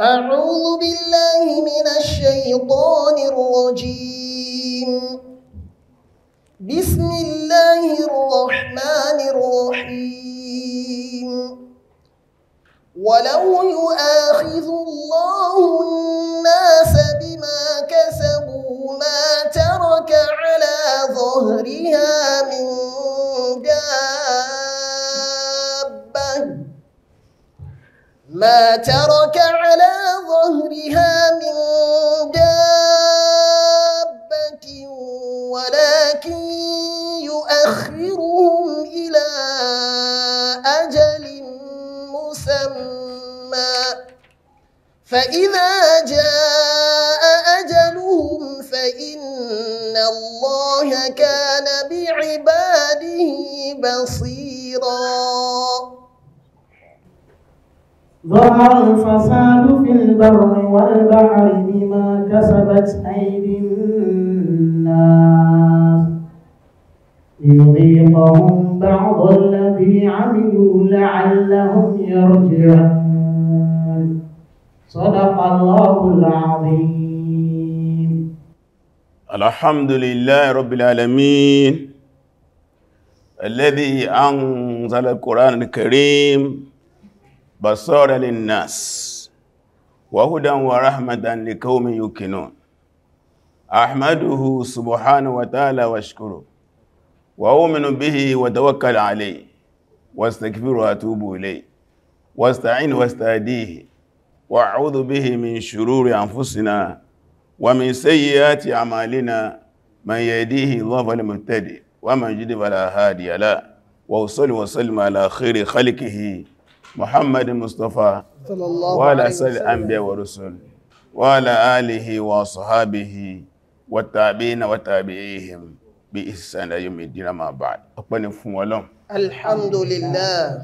أعوذ بالله من الشيطان الرجيم بسم الله الرحمن الرحيم ولو يؤاخذ الله الناس ما ترك على ظهرها من دابة ولكن يؤخرهم إلى أجل مسمى فإذا جاء أجلهم فإن الله كان بعباده بصيراً ظهر الفساد في البر والبحر بما كسبت أيدي الناس ليذيقهم بعض الذي عملوا لعلهم يرجعون صدق الله العظيم الحمد لله رب العالمين الذي أنزل القرآن الكريم basara linnas wa hudan wa rahmatan liqaumin yuqinun ahmaduhu subhanahu wa ta'ala wa shukuru wa uminu bihi wa tawakkal alayhi wa astaghfiru wa atubu ilayhi wa asta'inu wa astadihi wa a'udhu bihi min shururi anfusina wa min sayyiati a'malina man yahdihi Allahu fal muhtadi wa man yudlil fala hadiya lahu wa usalli wa sallim ala khairi khalqihi محمد مصطفى وعلى سائر الأنبياء والرسل وعلى آله وصحابه والتابعين وتابعيهم بإحسان يوم الدين ما بعد ọpẹ́ ni fún Ọlọ́run alhamdulillah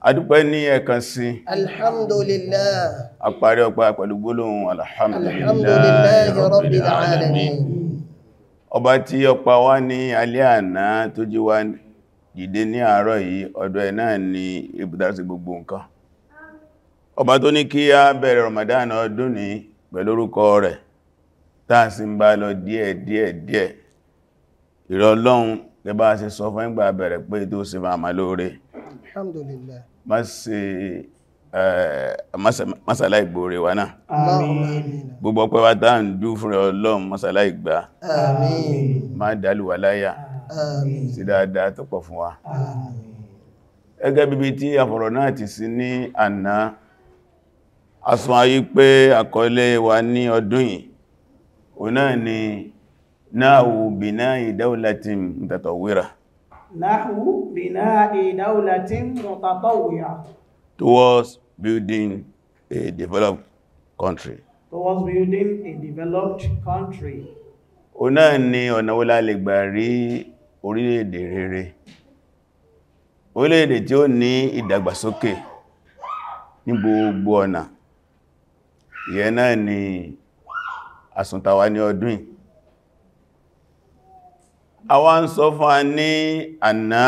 adúpẹ́ ní ẹ̀kan sí alhamdulillah àparí ọpẹ́ pẹ̀lú gbólóhùn alhamdulillah rabbil alamin ọba tí ọpa wá ní alẹ́ àná tó jí wá dìde ní àárọ̀ yìí ọ̀dọ̀ ẹ̀ náà ni si gbogbo nǹkan ọba tó ní kí a bẹ̀rẹ̀ Ramadan ọdún ní pẹ̀lú rẹ̀ táà sí ń bá lọ díẹ̀ díẹ̀ díẹ̀ ìrọlọ́un lẹ́bá sọ fún ìgbà bẹ̀rẹ̀ pé tó sì máa máa lóore masala ìgbòrè gbogbo ọpẹ́ wa táà ń dú fún masala ìgbà sí dáadáa tó pọ̀ fún wa ẹgẹ́ bíbi tí àfọ̀rọ̀ náà ti sí ní àná asùn ayé pé àkọọ́lẹ̀ wa ní ọdún yìí o náà ni náàwù bìná ìdáwòlátín mutatawwira náàwù bìná ìdáwòlátín mutatawwira towards building a developed country towards building a developed country o náà ni ọ̀nà lè gbà rí orílẹ̀-èdè rere orílẹ̀-èdè tí ó ní ìdàgbàsókè ní gbogbo ọ̀nà ìyẹn náà ni àsùntàwà ní ọdún àwọn a wá ń sọ fún a ní àná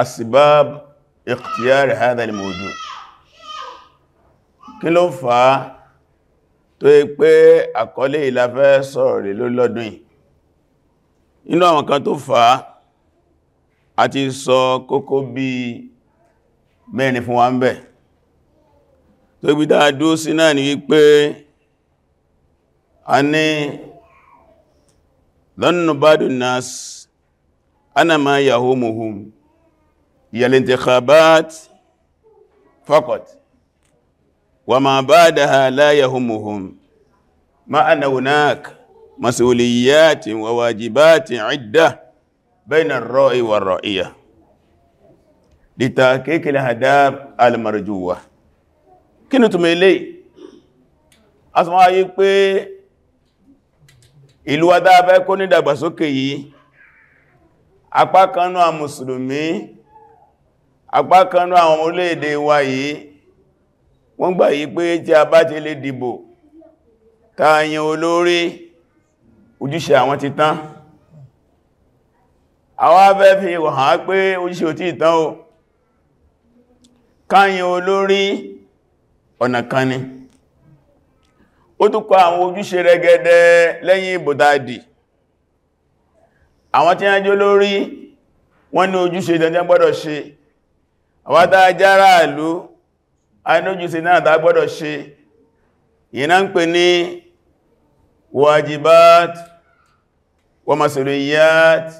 asibab ikhtiyar hadha al kí ló fà á tó yí pé àkọlé ìlàfẹ́ sọ̀rọ̀ lè yìí inú àwọn kan tó fà á a ti sọ kókó bí mẹ́rin fún wa ń bẹ̀ tó ibi dáadó sí náà ni wípé a ní lọ́nà bádùn nas ana ma yahumuhum yalintikhabat faqat wa ma ba'daha la yahumuhum ma ana hunaka مسؤوليات وواجبات عدة بين الرأي والرأية لتحقيق الأهداف المرجوة kí ni túnmọ̀ ilé a sọ wáyé pé ìlú wa tá a fẹ́ kó ní ìdàgbàsókè yìí apá kan náà mùsùlùmí apá kan náà àwọn wa yìí wọ́n gbà yí pé tí a bá ti lè dìbò ká yan olórí ojúṣe àwọn ti tán àwọn abẹ́ fi wọ̀hán pé ojúṣe ò tí ìtán o káyìn olórí ọ̀nà kan ni ó tún kọ àwọn ojúṣe rẹ̀gẹ̀dẹ̀ lẹ́yìn bòdádì àwọn tí a jẹ́ olórí wọ́n ní ojúṣe ìdánjẹ́ gbọ́dọ̀ ṣe àwọn adájára ìlú a náà tá gbọ́dọ̀ ṣe ìyẹn ń pè ní واجبات ومسؤوليات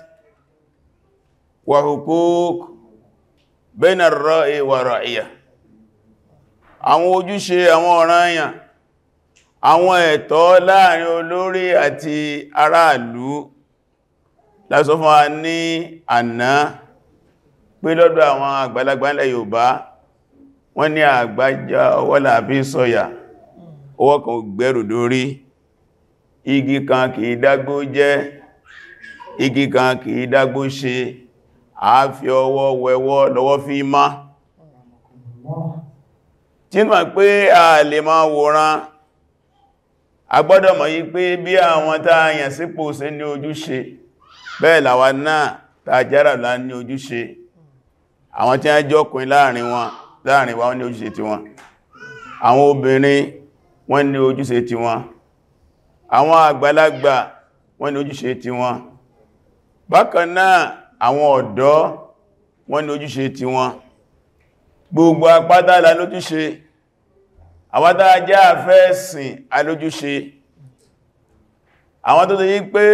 وحقوق بين الرأي والرعية àwọn ojúṣe àwọn ọ̀ranyàn àwọn ẹ̀tọ́ láàrin olórí àti aráàlú lásọ fún a ní àná pé lọ́dọ̀ àwọn àgbàlagbà ilẹ̀ Yorùbá wọ́n ní àgbájá ọwọ́ làbí sọ̀yà ọwọ́ kan gbẹ̀rù dórí igi kan kìí dágbó jẹ́ igi kan kìí dágbó ṣe a fi ọwọ́ wẹwọ́ lọ́wọ́ fi má tí ma pé a lè máa wòran a gbọ́dọ̀ mọ̀ yí pé bí àwọn tá a yàn sípò sí ní ojúṣe bẹ́ẹ̀ làwa náà tá jára lá ní ojúṣe àwọn tí a jọ́kùn láàrin wọn láàrin wa ní ojúṣe tiwọn àwọn obìnrin wọ́n ní ojúṣe tiwọn àwọn àgbàlagbà wọ́n ní ojúṣe ti wọn bákan náà àwọn ọ̀dọ́ wọ́n ní ojúṣe ti wọn gbogbo apátálà lójúṣe àwátára jẹ́ àfẹ́ẹ̀sìn alójúṣe àwọn tó tó yí pé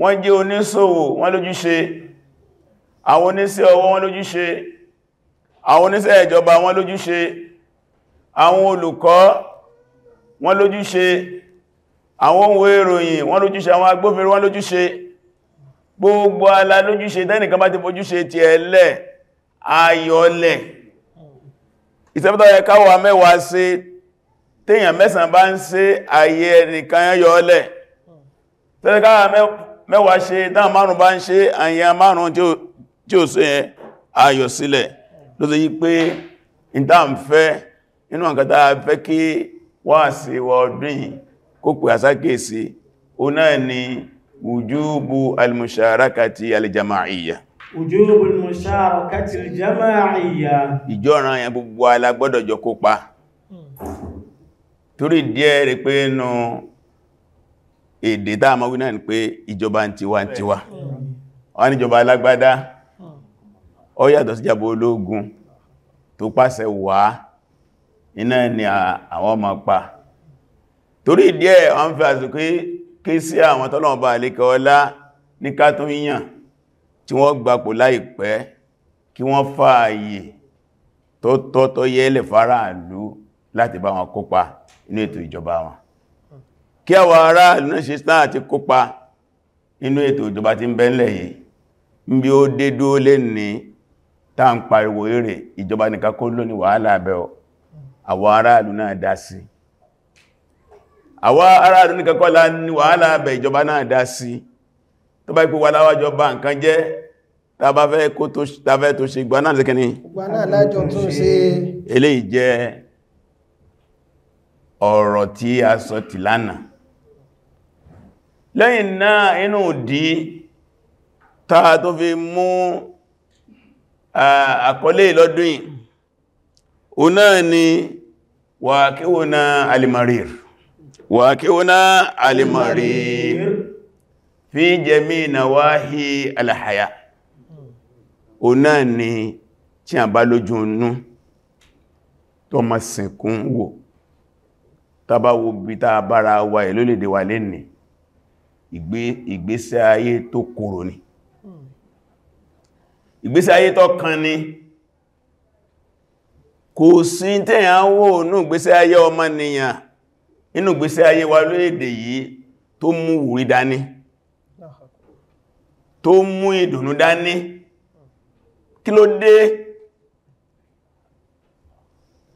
wọ́n jẹ́ oníṣòwò wọ́n lójúṣe àwọn oníṣẹ́ ọwọ́ wọ́n lójúṣe àwọn oníṣẹ́ ìjọba wọ́n lójúṣe àwọn olùkọ́ wọ́n lójúṣe àwọn ohun èròyìn wọ́n lójúṣe àwọn agbófinró wọ́n lójúṣe gbogbo ala lójúṣe tẹ́nìkan bá ti fojúṣe ti ẹlẹ́ ayọ́lẹ̀ ìsẹ́bẹ̀tọ̀ yẹ káwà mẹ́wàá sí téèyàn mẹ́sàn bá ń ṣe ayé ẹnìkan yọ́lẹ̀ tẹ́lẹ̀káwà mẹ́wàá ṣe táwọn márùn bá ń ṣe àyà márùn tí ó ṣe inú àkàtà fẹ́ kí wà sí wọ ọdún yìí kó pè àsákèsí o náà ni wùjúbù alìmùsàrákàtì alìjàmáàíyà wùjúbù alìmùsàrákàtì alìjàmáàíyà ìjọ́ran yẹn gbogbo alágbọ́dọ̀ jọ kópa torí díẹ̀ rí pé nù èdè tá a máa wí náà ni pé ìjọba ń tiwa ń tiwa wọ́n níjọba alágbádá ó yàtọ̀ sí ìjọba ológun tó pàṣẹ wàá iná ni àwọn ọmọ pa torí díẹ̀ wọ́n fi àsìkò ké sí àwọn tọ́lọ̀ bá àlékẹ́ ọlá ní kátún yíyàn tí wọ́n gbapò láìpẹ́ kí wọ́n fààyè tó tọ́ tó yẹ́lẹ̀ faraàlú láti bá wọn kópa inú ètò ìjọba wọn kí àwọn aráàlú náà ṣe sáà ti kópa inú ètò ìjọba tí ń bẹ́ńlẹ̀ yìí ń bí ó dé dúó lé ní tá ń pariwo ìjọba nìkan kó lónìí wàhálà abẹ́ ọ̀ àwọn aráàlú náà dá sí àwọn aráàlú ní kọ́kọ́lá ní wàhálà abẹ̀ ìjọba náà dá sí tó bá ipò wà láwájọba nǹkan jẹ́ tàbáfẹ́ kó tó ṣe gbà náà lẹ́kẹ́ni gbà náà lájọ tó ṣe eléyìí jẹ́ ọ̀rọ̀ tí a sọ ti lánàá lẹ́yìn ni واكئنا المرير واكئنا المرير في جميع نواحي الحياة ọ̀nà ni tí a bá lójú nú tó ma sìnkún wò tàbá bí ta bára wa ẹ̀ lè dé wà ìgbésẹ̀ ayé tó kòrò ni ìgbésẹ̀ ayé tó kan ni kò sí tẹ́ à ń wò inú ìgbésí ayé ọmọnìyàn inú ìgbésí ayé wa lóèdè yìí tó mú wùrí dání tó mú ìdùnnú dání kí ló dé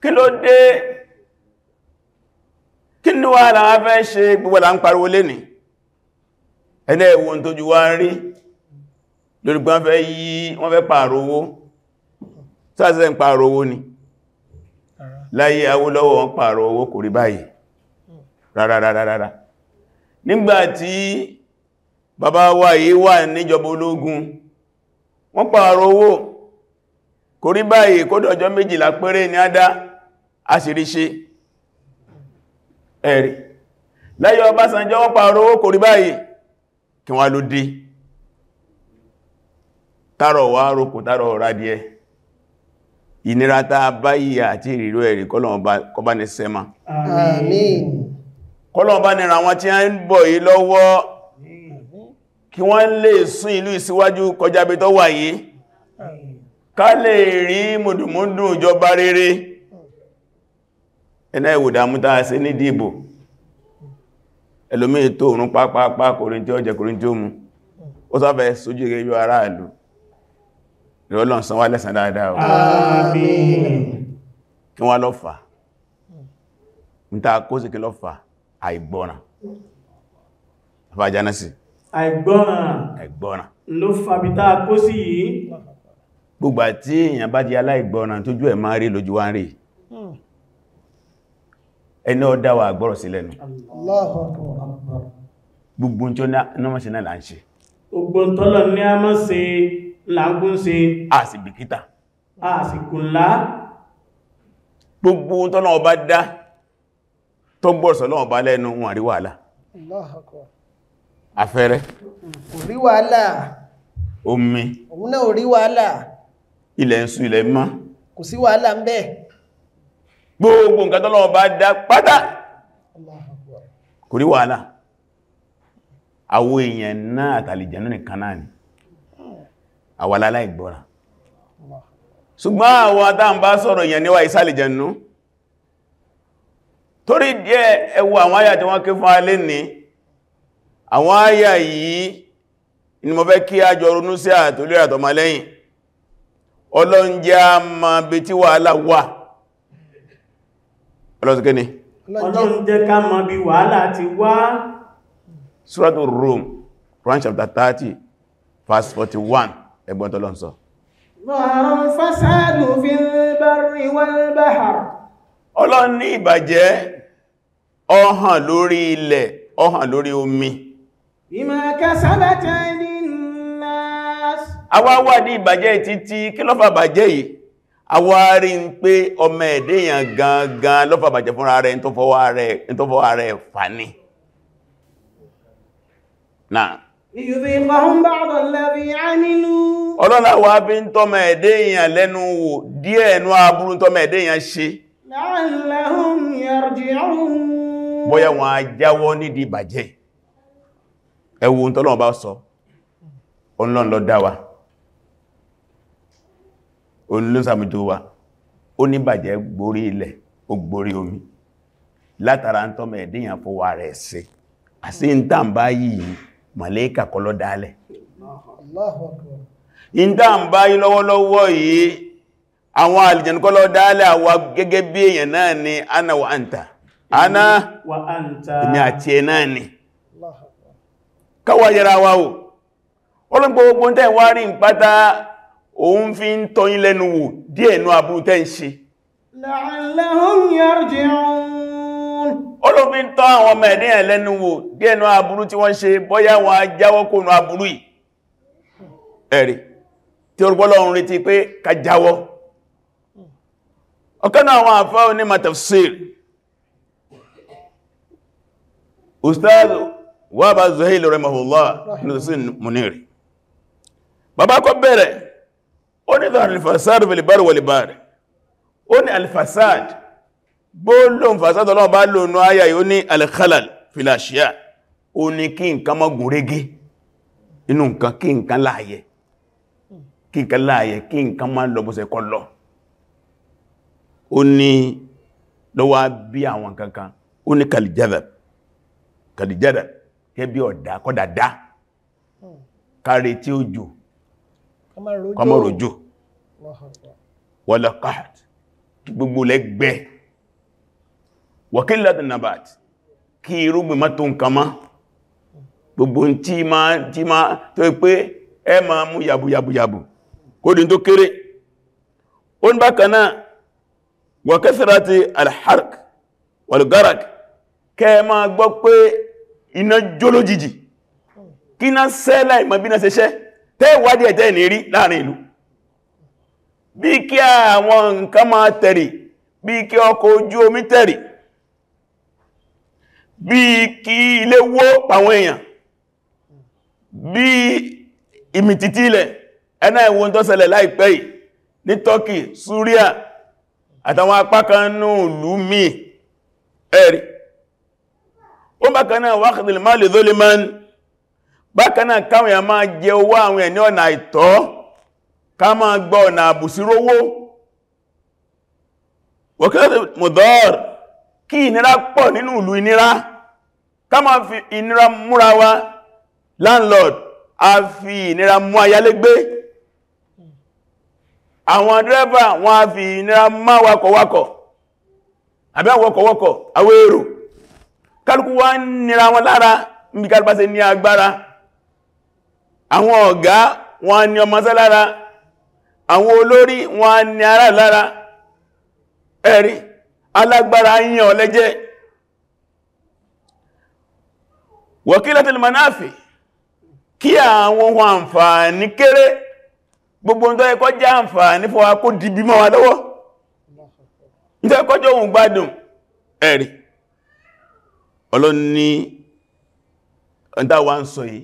kí ló dé kí ní wà láwọn fẹ́ ṣe gbogbo ń pariwo lé ní ẹ̀nà ìwọ̀n tó ju wá ń rí lórí gbọ́n fẹ́ yí wọ́n fẹ́ pààrọ̀ sáàsẹ́ ń pààrọ̀ ni láyé Awólọ́wọ̀ wọn pààrọ owó kò rí báyìí rárárárá nígbàtí bàbá wà yìí wà níjọba ológun wọ́n pààrọ owó kò rí báyìí kó dọ̀jọ́ méjìlá péré ní ádá àṣìríṣe ẹ̀rí láyé Ọbásanjọ́ wọ́n pààrọ owó kò rí báyìí kí wọ́n ló dé tààrọ̀ wà tààrọ̀ rádìí ìnira tá a bá yìí àti ìrírò ẹ̀rì kọ́lọ̀ọ̀bá ní sẹ́mà. àmín kọ́lọ̀ọ̀bá ní ra wọn tí a ń bọ̀ yìí lọ́wọ́ kí wọ́n lè sún ìlú ìsíwájú kọjá bí tó wà yìí ká lè rí mùdùmúdù ìjọba rere ẹ̀nà ìwòdàmú tàà sí ní dìbò ẹlòmí ètò òrùn pápápá kòríntí ọjẹ́ tí ó mú ó sáfẹ́ sójú gẹ́gẹ́ bí aráàlú ìrọ́lọ́n sanwà lẹ́sàn dáadáa o àmín kí wọ́n lọ́fà níta kó sí kí lọ́fà àìgbọ́ràn fà jánásì àìgbọ́ràn àìgbọ́ràn ló fàbí tá a kó sí yìí gbogbo àti èèyàn bá di aláìgbọ́ràn Allahu Akbar gbogbo tó náà ṣe náà là ń ṣe lágún sí àsìbìkítà àsìkúnlá gbogbo tọ́nà ọba dá tó gbọ́rọ̀sọ̀ lọ́wọ́ bá lẹ́nu wọn àrí wàhálà afẹ́rẹ́ orí wàhálà omi òun náà orí wàhálà ilẹ̀ ń sùn ilẹ̀ mọ́ kò sí wàhálà ń bẹ gbogbo nǹkan tọ́nà ọba dá pátá kò rí wàhálà àwọn èèyàn náà àtàlìjẹ̀ náà nìkan náà ni àwàlá láìgbọ́ra ṣùgbọ́n àwọn adáhùn bá sọ̀rọ̀ èèyàn níwà ìsàlẹ̀ jẹnu torí díẹ̀ ẹwọ àwọn àyà tí wọ́n ké fún alé ní àwọn àyà yìí ni mo fẹ́ kí a jọ ronú sí àtòlú àtọmọ Rum, Quran chapter 30, verse 41 ẹgbọ́n tọ́lọ́ ń sọ ọlọ́run ní ìbàjẹ́ ọ̀hàn lórí ilẹ̀ ọ̀hàn lórí omi ìmọ̀ wà ní ìbàjẹ́ títí kí ló bàjẹ́ yìí rí ń pé ọmọ ẹ̀dẹ́ gangan ló fúnra ara tó fọwọ́ fà ní náà ọlọ́run àwa bí ń tọ́mọ ẹ̀dẹ́ èèyàn lẹ́nu wò díẹ̀ ẹnu aburú tọ́mọ ẹ̀dẹ́ èèyàn ṣe la'allahum yarji'un bóyá wọn a jáwọ́ nídìí bàjẹ́ ẹwù tọ́lọ́run bá sọ ọlọ́run ló dá wa olùsàmìtò màlẹ́kà kọ́ ló dálẹ̀ ìdá ń báyí lọ́wọ́lọ́wọ́ yìí àwọn àlìjàn kọ́ ló dálẹ̀ àwa gẹ́gẹ́ bí èèyàn náà ni ana wa anta ana wa anta ni àti ẹ náà ni káwà yẹra wa o olóògbò tẹ́ wá rí pátá òun fi ń tọ́yín lẹ́nu wò díẹ̀ nú àbúrú tẹ́ ń ṣe la'allahum yarji'un olóbi ń tọ́ àwọn ọmọ ẹ̀dẹ́ ẹ̀lẹ́nu wò bí ẹnu aburú tí wọ́n ṣe bóyá wọn jáwọ́ kónú aburú yìí ẹ̀rì tí orúgbọ́lọ́run retí pé ká jáwọ́ ọ̀kan náà àwọn àfá oní matafsir ó ní alfasad gbóòlòm fàsátọ̀lọ́ bá lónú ayà yóò ní alkhalal filashiya ó ní kí nǹkan má gùn régé inú nǹkan kí nǹkan láàyẹ kí nǹkan láàyẹ kí nǹkan má lọ́bọ̀sẹ̀ kọ lọ ó ní lọ́wọ́ bí àwọn kankan ó ní kalijadab kẹ́ bí ọ̀dá kọ́dàdá káre tí ó jò gbogbo lẹ́gbẹ̀ẹ́ wàkílàtí nabat kí irúgbìn má tó nǹkan má gbogbo tí ma tí ma tó pé ẹ ma mú yàbù yàbù yàbù kó dín tó kéré ó ń bákaná wàkẹ́sìráti alhark walgarak kẹ ma gbọ́ pé iná jó lójijì kí ná sẹ́lá ìmọ̀ bí ná ṣe ṣẹ́ tẹ́ ìwádìí ẹ̀tẹ́ ìní láàrin ìlú bí kí àwọn nǹkan máa tẹ̀rì bí kí ọkọ̀ ojú omi tẹ̀rì bí kí ilé wó pàwọn èèyàn bí ìmìtìtì ilẹ̀ ẹ̀nà ìwọ̀n tó ṣẹlẹ̀ láìpẹ́ yìí ní Turkey Syria àtàwọn apákanú ìlú mi ẹ̀rì ó bákanáà wákàtí máa lè zólé máa ń bákanáà káwọn máa jẹ owó àwọn èèyàn ní ọ̀nà àìtọ́ ká máa gbọ́ ọ̀nà àbùsírówó wọ̀kẹ́ mọ̀dọ́r kí ìnira pọ̀ nínú ìlú ìnira ká má fi ìnira múra wa landlord a fi ìnira mú ayálégbé àwọn driver wọ́n a fi ìnira má wakọ̀wakọ̀ àbí àwọkọ̀wọkọ̀ àwọn èrò kálukú wá nira wọn lára níbi kálùpá ṣe ní agbára àwọn ọ̀gá wọ́n ní ọmọ ṣẹ́ lára àwọn olórí wọ́n ní ará lára ẹ̀rí alágbára yíyàn ọlẹ́jẹ́ wakilatul manafi kí àwọn ohun àǹfààní kéré gbogbo ń tó ẹkọ́ jẹ́ àǹfààní fún wa kó dìbí mọ́ wa lọ́wọ́ ń tó ẹkọ́ jẹ́ ohun gbádùn ẹ̀rì ọlọ́ni ọ̀dáwà ń sọ yìí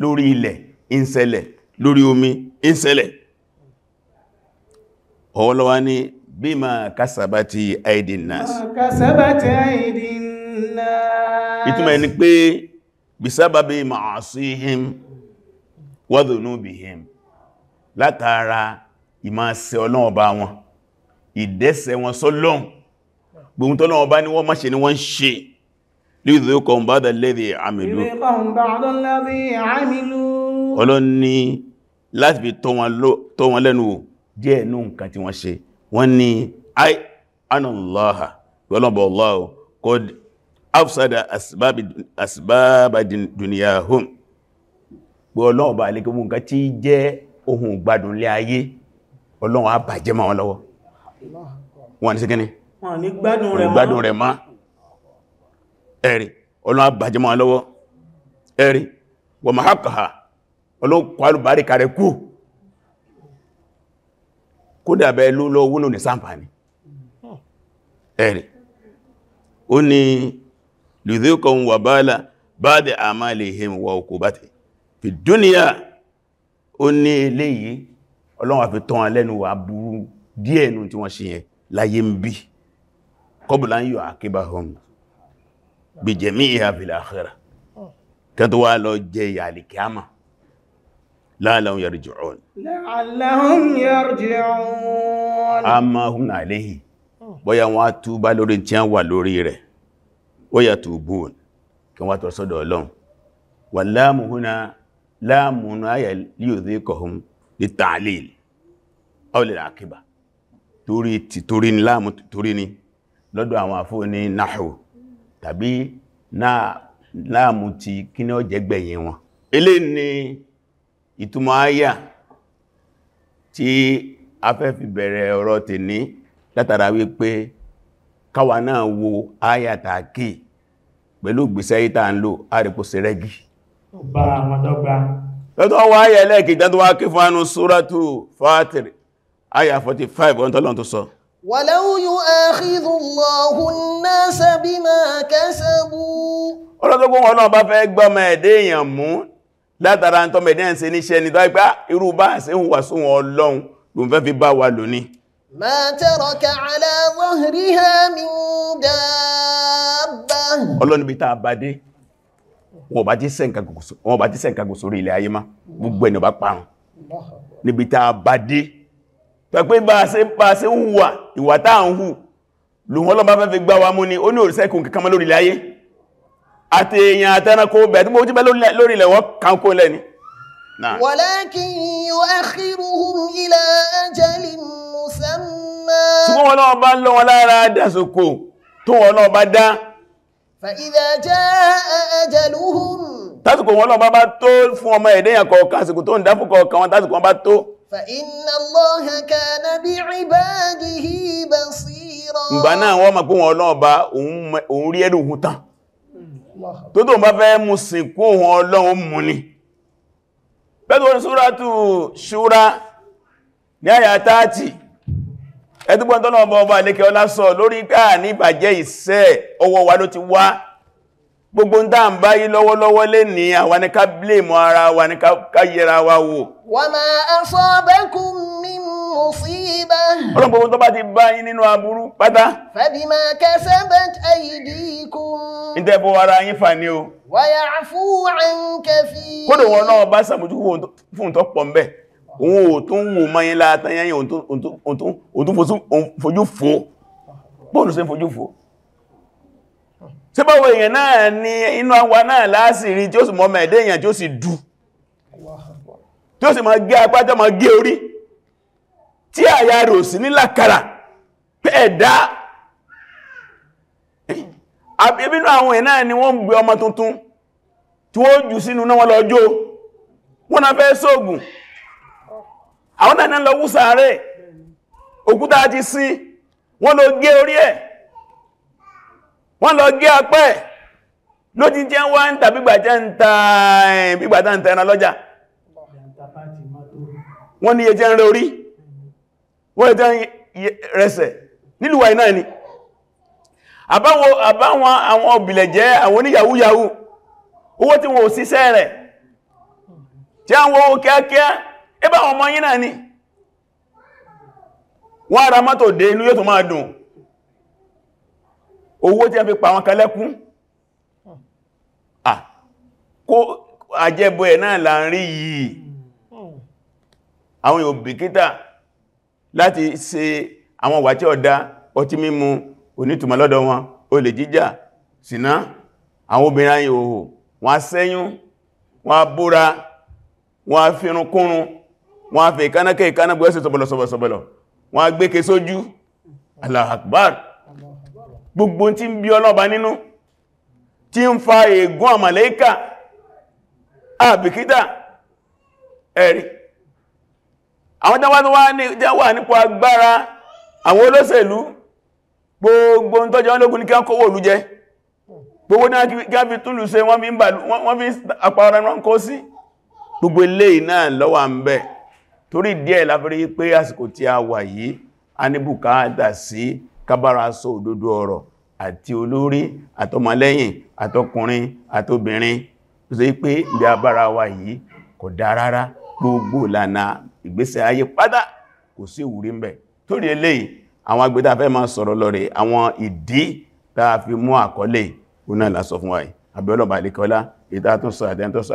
lórí ilẹ̀ ìṣẹ̀lẹ̀ lórí omi ìṣẹ̀lẹ̀ ọwọ́lọ́wà bima kasabati aidin kasabati aidin nas ni pé bisababi ma'asihim wa dhunubihim látara ìmáṣẹ̀ ọlọ́wọ́ bá wọn ìdẹ́sẹ̀ wọn sọ́lọ́un gbogbo tọ́lọ́wọ́ bá ní wọ́n má ṣe ni wọ́n ṣe liyudhiqahum ba'da alladhi amilu ọlọ́n ní láti fi tọ́ wọn lẹ́nu díẹ̀ nú nǹkan tí wọ́n ṣe wọ́n ní afsada asibaba duniyahum pé ọlọ́run bá lè gbogbo nǹkan tí jẹ́ ohun gbádùn lé ayé ọlọ́run á bàjẹ́ ma wọn lọ́wọ́ wọn ní síkíní wọn ní gbádùn rẹ̀ ma ẹ̀rì ọlọ́run á bàjẹ́ ma wọn lọ́wọ́ ẹ̀rì wọ ma hapkaha ọlọ́run kwalù bá rí kú kódà bẹ́ẹ̀ ló wúlò ní sáǹfàní ẹ̀rì ó ní لذيقهم وبال بعد أعمالهم وعقوبتهم في الدنيا ó ní eléyìí Ọlọ́run àfi tán alẹ́nu àbúrú díẹ̀ nù tí wọ́n ṣe yẹn láyé ń bí kọbùlá ń yọ àkíbahum bí jami'iha fil akhirah kẹ́ tó wá lọ jẹ túbá lórí tí wọ́n wà lórí rẹ̀ oya tubun kan wa to sodo olon wallamu huna lamu aya li yudhikuhum li ta'lil aw li akiba turi ti turi ni lamu turi ni lodo awon afu ni nahwu tabi na lamu ti kini o je gbeyin won ele ni itumo aya ti afẹ́ fi bẹ̀rẹ̀ ọ̀rọ̀ tè ní látara káwa náà wo ayata kí pẹ̀lú gbèsè ìta ń lò àrípò sí rẹ́gì lọ́tọ́ wá ayẹ lẹ́ẹ̀kì ìjá tó wá kí fún anú wọn náà bá fẹ́ gbọ́mọ̀ ẹ̀dẹ́ èèyàn mú látara ń tọ́mẹ̀dẹ́ ń ṣe níṣẹ́ ni tó ipá ah, irú bá ṣe ń wà sóhun ọlọ́run lòun fẹ́ fi bá wa lónìí ما ترك على ظهرها من دابة ọlọ́run bí tàà bá dé wọn bá jí sẹ́ǹkà gùn sórí ilẹ̀ ayé má gbogbo ẹni bá parun níbi tàà bá dé pẹ̀pẹ́ bá ṣe ń pa ṣe ń hùwà ìwà táà ń hù lùwọ́n lọ bá fẹ́ fi gbá wa mú ni ó ní òrìṣẹ́kùn kankan lórí ilẹ̀ ayé àti نعم. ولكن يؤخرهم إلى أجل مسمى ṣùgbọ́n wọn náà bá lọ wọn lára dásòkò tó wọn náà bá dá فإذا جاء أجلهم tásìkò wọn náà bá bá tó fún ọmọ ẹ̀dẹ́yàn kọ̀ọ̀kan àsìkò tó ń dá fún kọ̀ọ̀kan wọn tásìkò wọn bá tó فإن الله كان بعباده بصيرا ìgbà náà wọ́n mọ̀ pé wọn náà bá òun rí ẹ̀dùn òun tán hmm. tó tó bá fẹ́ mú sìnkú òun ọlọ́run mú ni bẹ́tùwọ́n súratù ṣúra ní àyà 30 ẹtùgbọ́n tọ́nà ọba ọba àlékẹ́ ọlá sọ lórí pé à ní ìbàjẹ́ ìṣẹ́ ọwọ́ wa ló ti wá gbogbo ń dáa ń báyí lọ́wọ́lọ́wọ́ lè ní àwa ní ká blèmọ̀ ara wa ní ká yẹra wa wò wa ma asabakum min musibah ọlọ́pọ̀ ohun tó bá ti bá yín nínú aburú òun ò tún wò mọ́yìn látayẹ́yìn òun tún fojú fò bọ́ọ̀lù sí fojú fò tí báwo èèyàn náà ni inú àwa náà láàsìrí tí ó sì mọ́ mẹ́ẹ̀dẹ́ èèyàn tí ó sì dù tí ó sì mọ́ gé apájọ́ mọ́ gé orí tí àyà rò sí nílàkàrà pẹ́ẹ̀dá àbíbínú àwọn èèyàn náà ni wọ́n gbé ọmọ tuntun tí ó jù sínú náà wọ́n lọ jó wọ́n náà fẹ́ sóògùn àwọn náà lọ wúsàárẹ̀ òkúta ti sí wọ́n lọ gé orí ẹ̀ wọ́n lọ gé apẹ́ lójí jẹ́ wá ń tàbí gbàjẹ́ ń ta ìgbàjẹ́ eh, ń ta ẹran lọ́jà wọ́n ní ẹjẹ́ ń rẹ orí wọ́n ẹjẹ́ ń rẹsẹ̀ nílùú àìná ẹni àbáwọn àwọn òbìlẹ̀ jẹ́ àwọn oníyàwó yàwó owó tí wọ́n ò síṣẹ́ tí a ń wo kíákíá ẹbá ọmọ yìí ni wọ́n ara mọ́tò dé inú yóò tó máa dùn owó tí a fi pa àwọn kan lẹ́kún kó àjẹbọ ẹ̀ náà là ń rí yìí àwọn yóò bìkítà láti ṣe àwọn wà tí ọ̀dá ọtí mímu onítùmọ̀ lọ́dọ̀ wọn olè jíjà sìná àwọn obìnrin ayò òhò wọ́n sẹ́yún wọ́n búra wọ́n fírunkúrun wọ́n fẹ́ ìkánákẹ́ ìkánábọ̀ ẹ̀sẹ̀ wọ́n gbé ke sójú Allah gbogbo tí ń bí ọlọ́ba nínú tí ń fa ègún àmàlẹ́kà àbìkítà ẹ̀rí àwọn jáwà nípo agbára àwọn olóṣèlú gbogbo ń tọ́jọ́ ológun ní kí wọ́n kówó òlú jẹ gbogbo náà kí a fi túlù ṣe wọ́n fi àpàrà wọn kó sí gbogbo ilé náà lọ́wà ń bẹ torí díẹ̀ láfẹ́rí pé àsìkò tí a wà yìí a ní bùkátà sí kábára sọ ọ̀rọ̀ àti olórí àtọmọlẹ́yìn àtọkùnrin àtobìnrin tó ṣe pé ibi abára wa yìí kò dá rárá gbogbo ìlànà ìgbésẹ̀ ayé pátá kò sí ìwúrí ńbẹ̀ torí eléyìí àwọn agbẹ́ta fẹ́ máa sọ̀rọ̀ lọ́rẹ̀ àwọn ìdí tá a fi mú àkọlé oná ìlàsọ fún wáyìí àbẹ́ọlọ́bà àlekọ́lá ìta tún sọ àtẹ́ntọ́ sọ